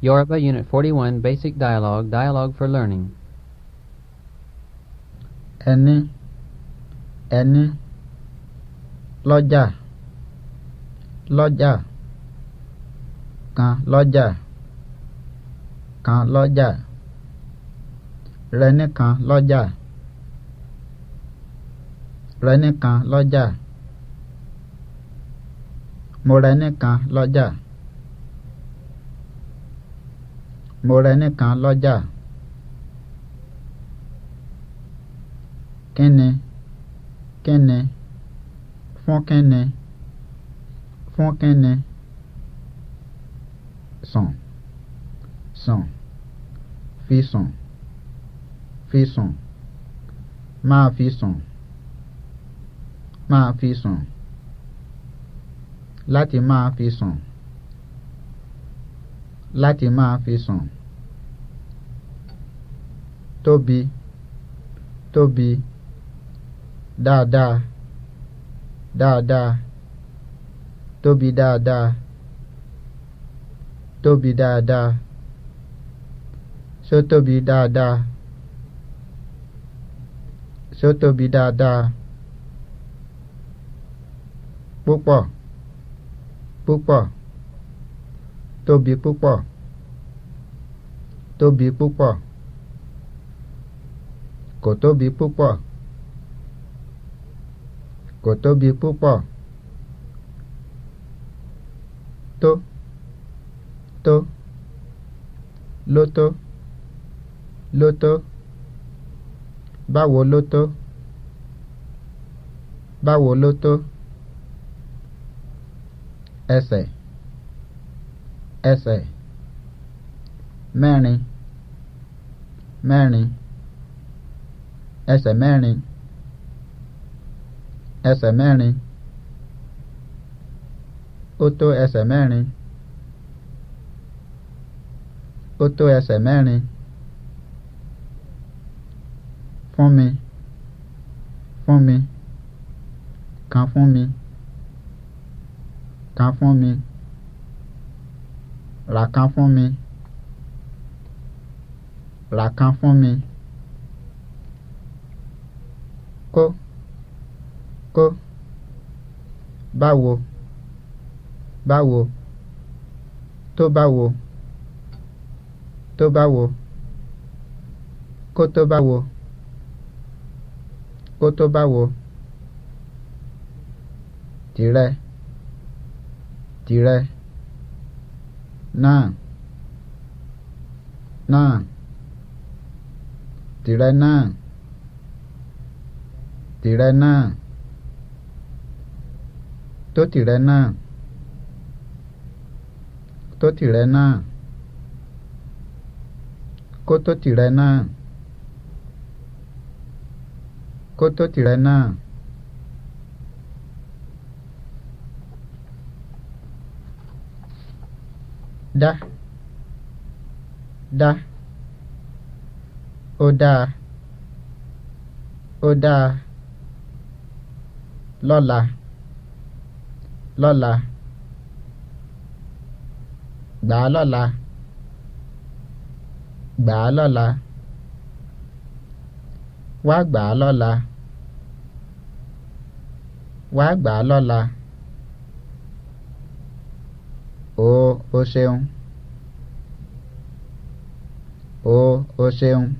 Yoruba Unit 41 Basic Dialogue Dialogue for Learning Ẹni Ẹni Lọ́jà Lọ́jà Kan lọ́jà Kan lọ́jà Rẹ nìkan lọ́jà Rẹ nìkan lọ́jà Mo rẹ nìkan lọ́jà. mo rẹ nìkan lọ́jà kíni kíni fún kíni fún kíni sàn sàn fi sàn fi sàn máa fi sàn máa fi sàn láti máa fi sàn láti máa fi sùn tóbi tóbi dáadáa dáadáa tóbi dáadáa tóbi dáadáa só tóbi dáadáa só tóbi dáadáa púpọ̀ púpọ̀ tóbi púpọ̀ tóbi púpọ̀ kò tóbi púpọ̀ kò tóbi púpọ̀ tó tó ló tó ló tó báwo ló tó báwo ló ẹsẹ̀ ẹsẹ̀ mẹ́rin mẹ́rin ẹsẹ̀ mẹ́rin ẹsẹ̀ mẹ́rin ó tó ẹsẹ̀ mẹ́rin ó tó ẹsẹ̀ mẹ́rin fún mi fún mi kan fún mi kan fún mi. Rà kan fún mi. Rà kan fún mi. Kó kó báwo báwo tó báwo tó báwo kó tó báwo kó tó báwo tìrẹ tìrẹ. Nàng Nàng Tỷ ra nàng Tỷ ra nàng Tốt tỷ ra nàng Tốt tỷ ra nàng Cô tốt tỷ ra nàng Cô tốt tỷ ra nàng da, da, ó dáa ó dáa lọ́la lọ́la gbà á lọ́la gbà á lọ́la wá gbà á lọ́la wá o ocean o ocean